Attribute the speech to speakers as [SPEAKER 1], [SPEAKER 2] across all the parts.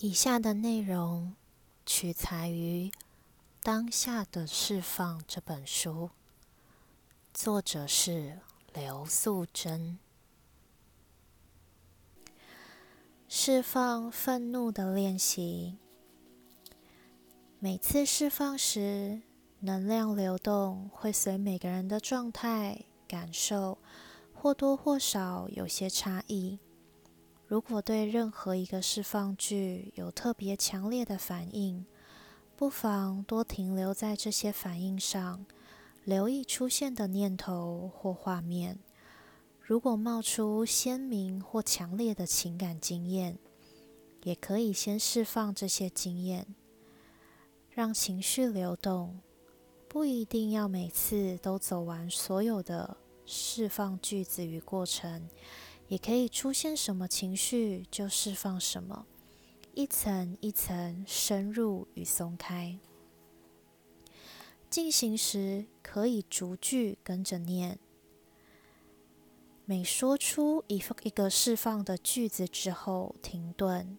[SPEAKER 1] 以下的內容取材於《當下的釋放》這本書，作者是劉素珍。釋放憤怒的練習，每次釋放時，能量流動會隨每個人的狀態、感受，或多或少有些差異。如果對任何一個釋放句有特別強烈的反應，不妨多停留在這些反應上，留意出現的念頭或畫面。如果冒出鮮明或強烈的情感經驗，也可以先釋放這些經驗，讓情緒流動，不一定要每次都走完所有的釋放句子與過程。也可以出現什麼情緒就釋放什麼，一層一層深入與鬆開。進行時可以逐句跟着念，每說出一一個釋放的句子之後停頓，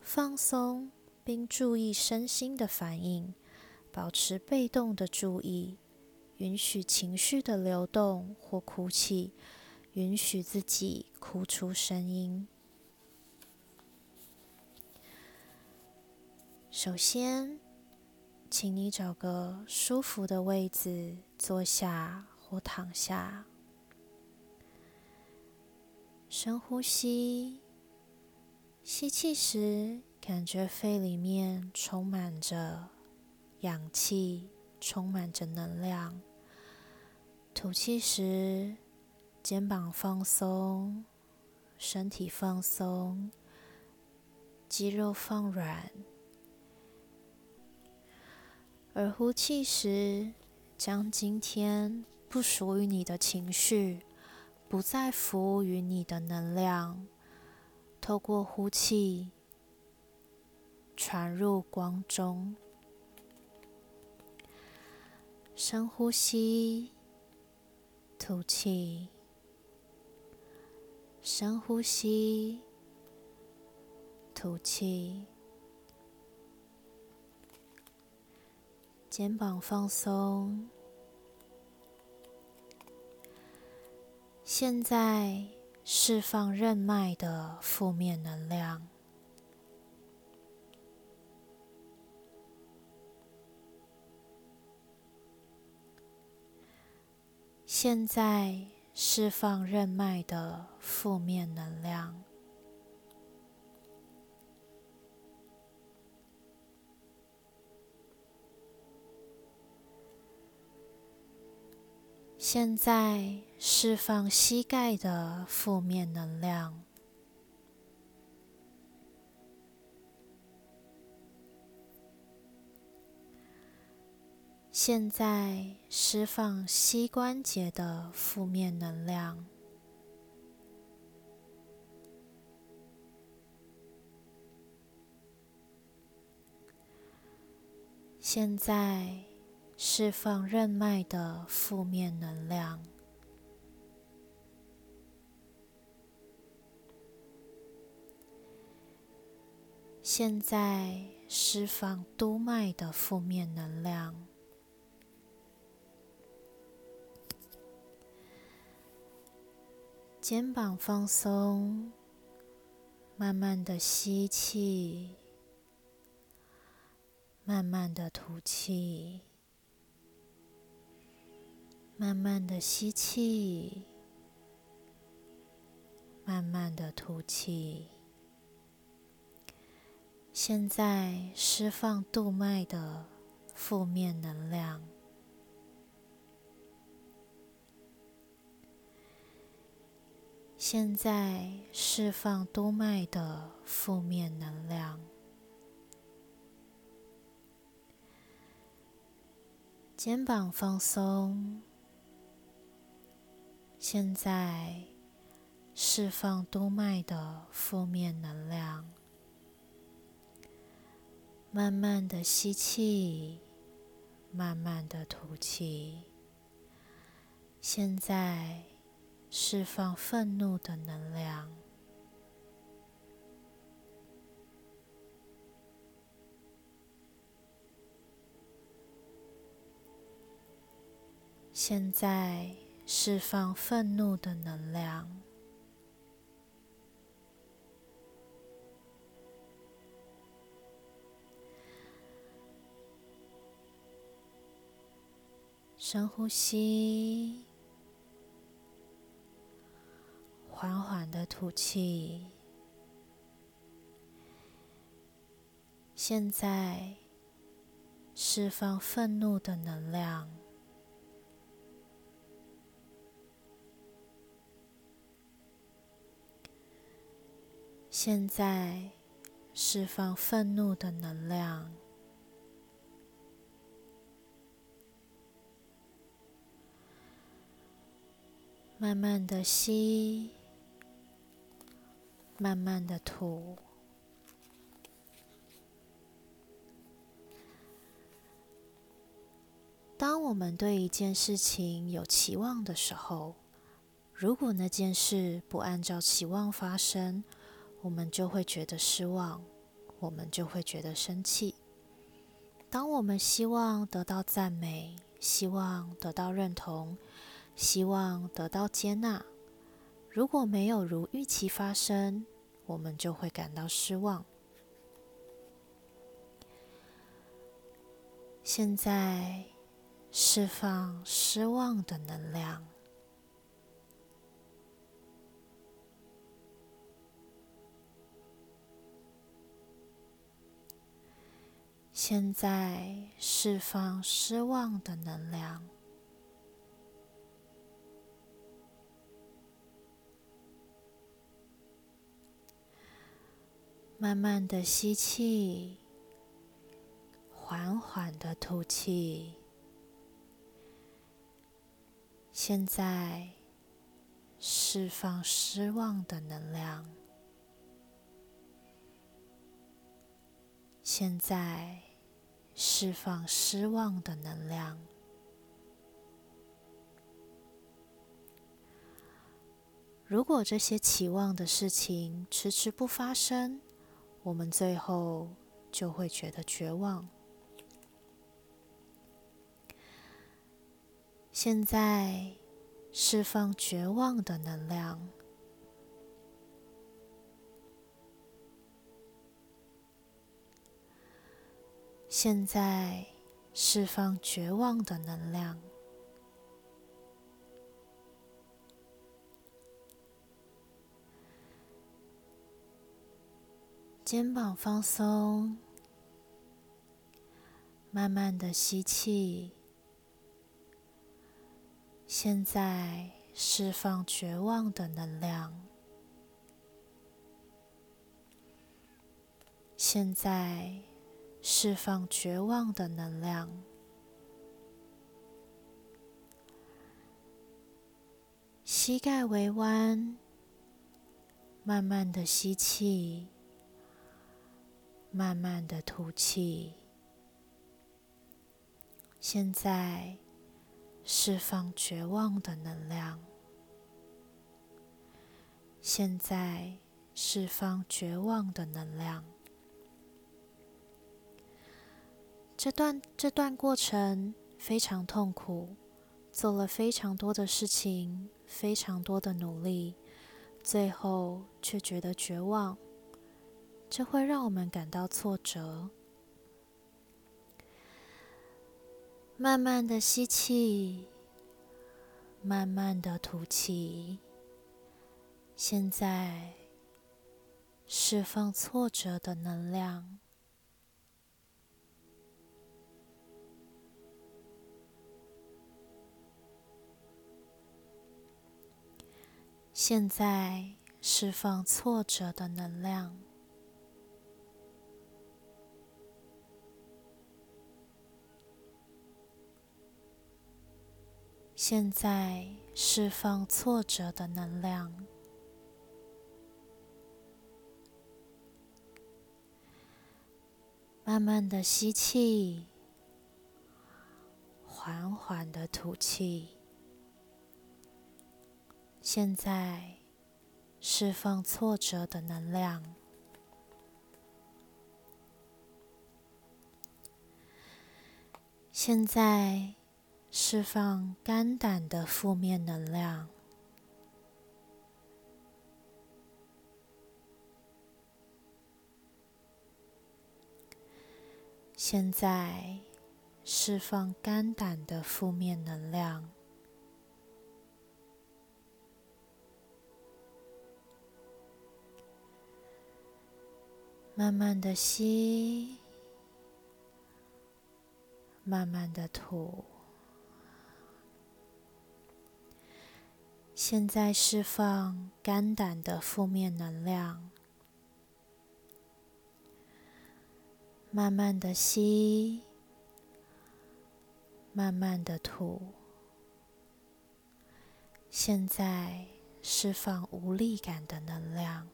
[SPEAKER 1] 放鬆並注意身心的反應，保持被動的注意，允許情緒的流動或哭泣。允許自己哭出聲音。首先，請你找個舒服的位置坐下或躺下，深呼吸。吸氣時，感覺肺裡面充滿着氧氣，充滿着能量。吐氣時，肩膀放鬆，身體放鬆，肌肉放軟。而呼氣時，將今天不屬於你的情緒、不再服務於你的能量，透過呼氣傳入光中。深呼吸，吐氣。深呼吸，吐氣，肩膀放鬆。現在釋放任脈的負面能量。現在。釋放任脈的負面能量。現在釋放膝蓋的負面能量。現在釋放膝關節的負面能量。現在釋放任脈的負面能量。現在釋放督脈的負面能量。肩膀放鬆，慢慢的吸氣，慢慢的吐氣，慢慢的吸氣，慢慢的吐氣。現在釋放督脈的負面能量。現在釋放督脈的負面能量，肩膀放鬆。現在釋放督脈的負面能量，慢慢的吸氣，慢慢的吐氣。現在。釋放憤怒的能量。現在釋放憤怒的能量。深呼吸。緩緩的吐氣。現在釋放憤怒的能量。現在釋放憤怒的能量。慢慢的吸。慢慢的吐。當我們對一件事情有期望的時候，如果那件事不按照期望發生，我們就會覺得失望，我們就會覺得生氣。當我們希望得到讚美，希望得到認同，希望得到接納，如果沒有如預期發生，我們就會感到失望。現在釋放失望的能量。現在釋放失望的能量。慢慢的吸氣，緩緩的吐氣。現在，釋放失望的能量。現在，釋放失望的能量。如果這些期望的事情遲遲不發生，我們最後就會覺得絕望。現在釋放絕望的能量。現在釋放絕望的能量。肩膀放鬆，慢慢的吸氣。現在釋放絕望的能量。現在釋放絕望的能量。膝蓋微彎，慢慢的吸氣。慢慢的吐氣，現在釋放絕望的能量。現在釋放絕望的能量。這段這段過程非常痛苦，做了非常多的事情，非常多的努力，最後卻覺得絕望。這會讓我們感到挫折。慢慢的吸氣，慢慢的吐氣。現在釋放挫折的能量。現在釋放挫折的能量。現在釋放挫折的能量，慢慢的吸氣，緩緩的吐氣。現在釋放挫折的能量。現在。釋放肝膽的負面能量。現在釋放肝膽的負面能量。慢慢的吸，慢慢的吐。現在釋放肝膽的負面能量，慢慢的吸，慢慢的吐。現在釋放無力感的能量。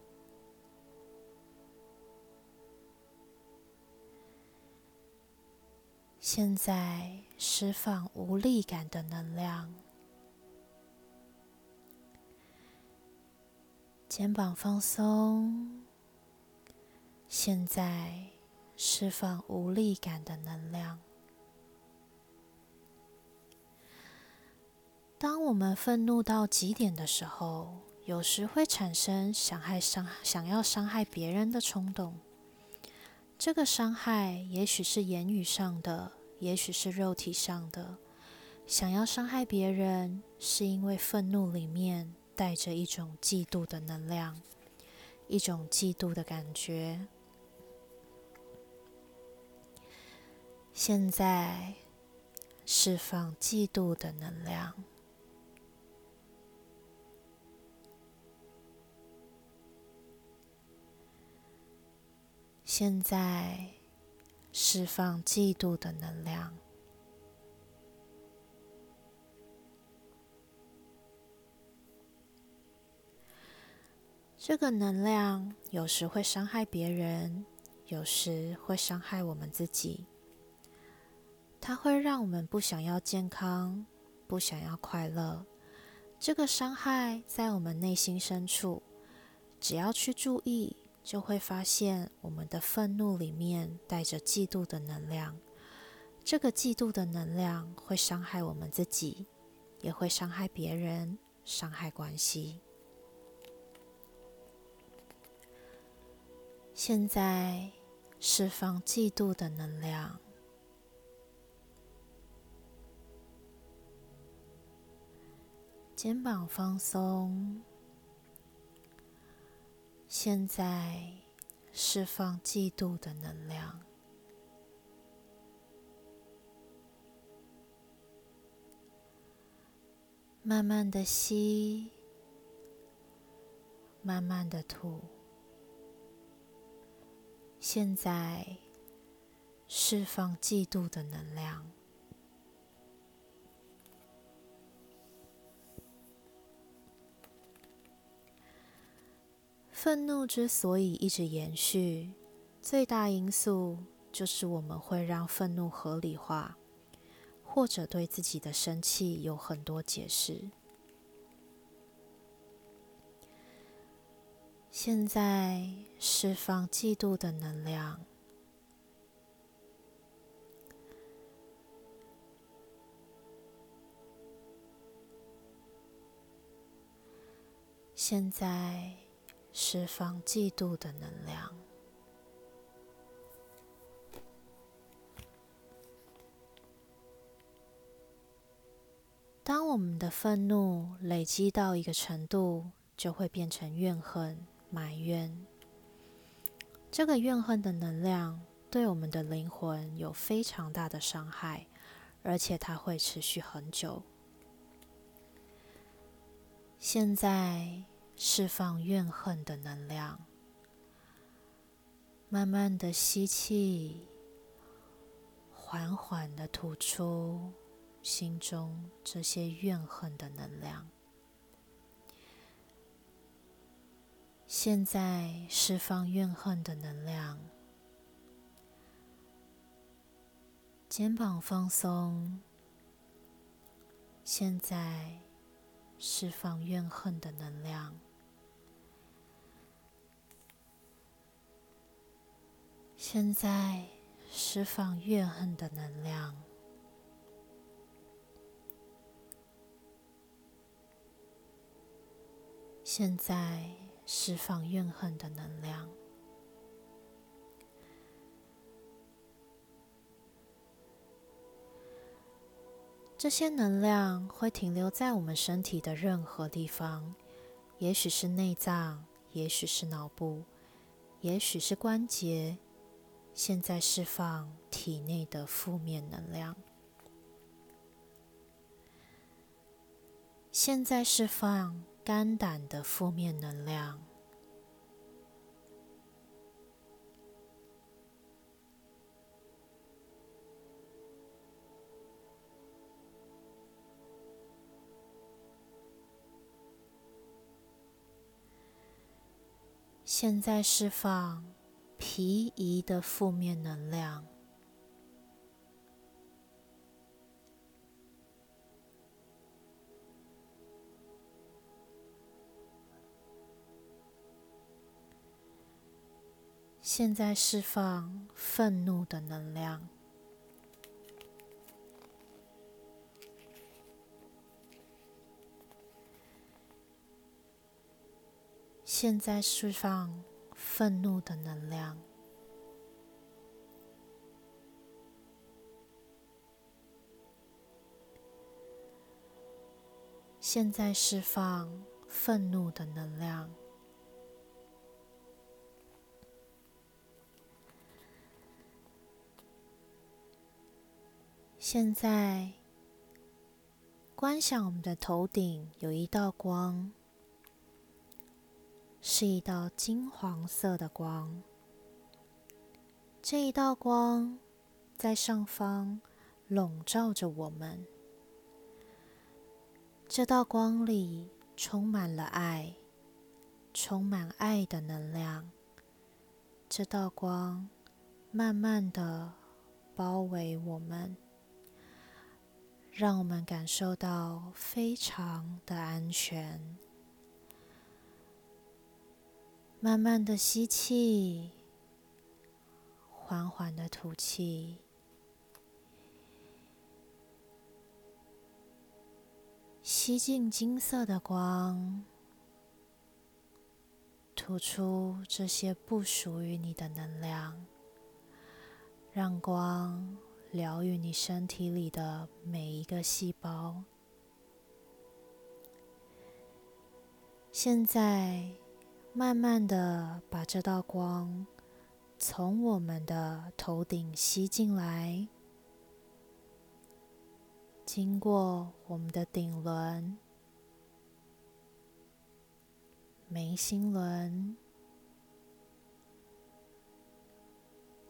[SPEAKER 1] 現在釋放無力感的能量。肩膀放鬆，現在釋放無力感的能量。當我們憤怒到極點的時候，有時會產生想害傷、想要傷害別人的衝動。這個傷害也許是言語上的，也許是肉體上的。想要傷害別人，是因為憤怒裡面。帶着一種嫉妒的能量，一種嫉妒的感覺。現在釋放嫉妒的能量。現在釋放嫉妒的能量。這個能量有時會傷害別人，有時會傷害我們自己。它會讓我們不想要健康，不想要快樂。這個傷害在我們內心深處，只要去注意，就會發現我們的憤怒裡面帶着嫉妒的能量。這個嫉妒的能量會傷害我們自己，也會傷害別人，傷害關係。現在釋放嫉妒的能量，肩膀放鬆。現在釋放嫉妒的能量，慢慢的吸，慢慢的吐。現在，釋放嫉妒的能量。憤怒之所以一直延續，最大因素就是我們會讓憤怒合理化，或者對自己的生氣有很多解釋。現在釋放嫉妒的能量。現在釋放嫉妒的能量。當我們的憤怒累積到一個程度，就會變成怨恨。埋怨，這個怨恨的能量對我們的靈魂有非常大的傷害，而且它會持續很久。現在釋放怨恨的能量，慢慢的吸氣，緩緩的吐出心中這些怨恨的能量。現在釋放怨恨的能量，肩膀放鬆。現在釋放怨恨的能量。現在釋放怨恨的能量。現在。釋放怨恨的能量，這些能量會停留在我們身體的任何地方，也許是內臟，也許是腦部，也許是關節。現在釋放體內的負面能量，現在釋放。肝膽的負面能量，現在釋放脾胰的負面能量。現在釋放憤怒的能量。現在釋放憤怒的能量。現在釋放憤怒的能量。現在，觀想我們的頭頂有一道光，是一道金黃色的光。這一道光在上方籠罩着我們。這道光裡充滿了愛，充滿愛的能量。這道光慢慢地包圍我們。讓我們感受到非常的安全。慢慢的吸氣，緩緩的吐氣，吸進金色的光，吐出這些不屬於你的能量，讓光。療癒你身體裡的每一個細胞。現在，慢慢地把這道光從我們的頭頂吸進來，經過我們的頂輪、眉心輪、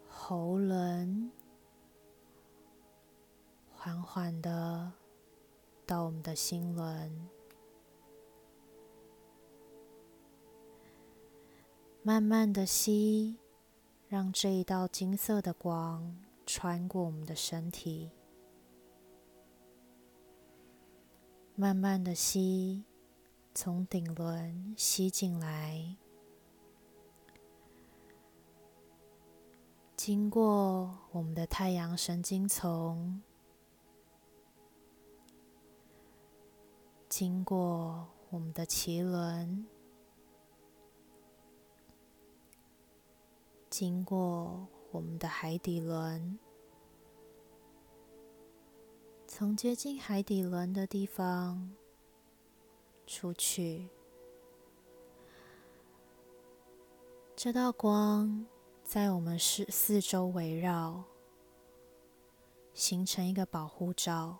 [SPEAKER 1] 喉輪。緩緩的到我們的心輪，慢慢的吸，讓這一道金色的光穿過我們的身體，慢慢的吸，從頂輪吸進來，經過我們的太陽神經叢。經過我們的臍輪，經過我們的海底輪，從接近海底輪的地方出去。這道光在我們四四周圍繞，形成一個保護罩。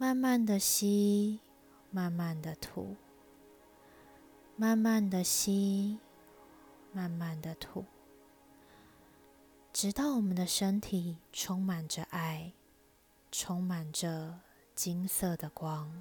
[SPEAKER 1] 慢慢的吸，慢慢的吐，慢慢的吸，慢慢的吐，直到我們的身體充滿着愛，充滿着金色的光。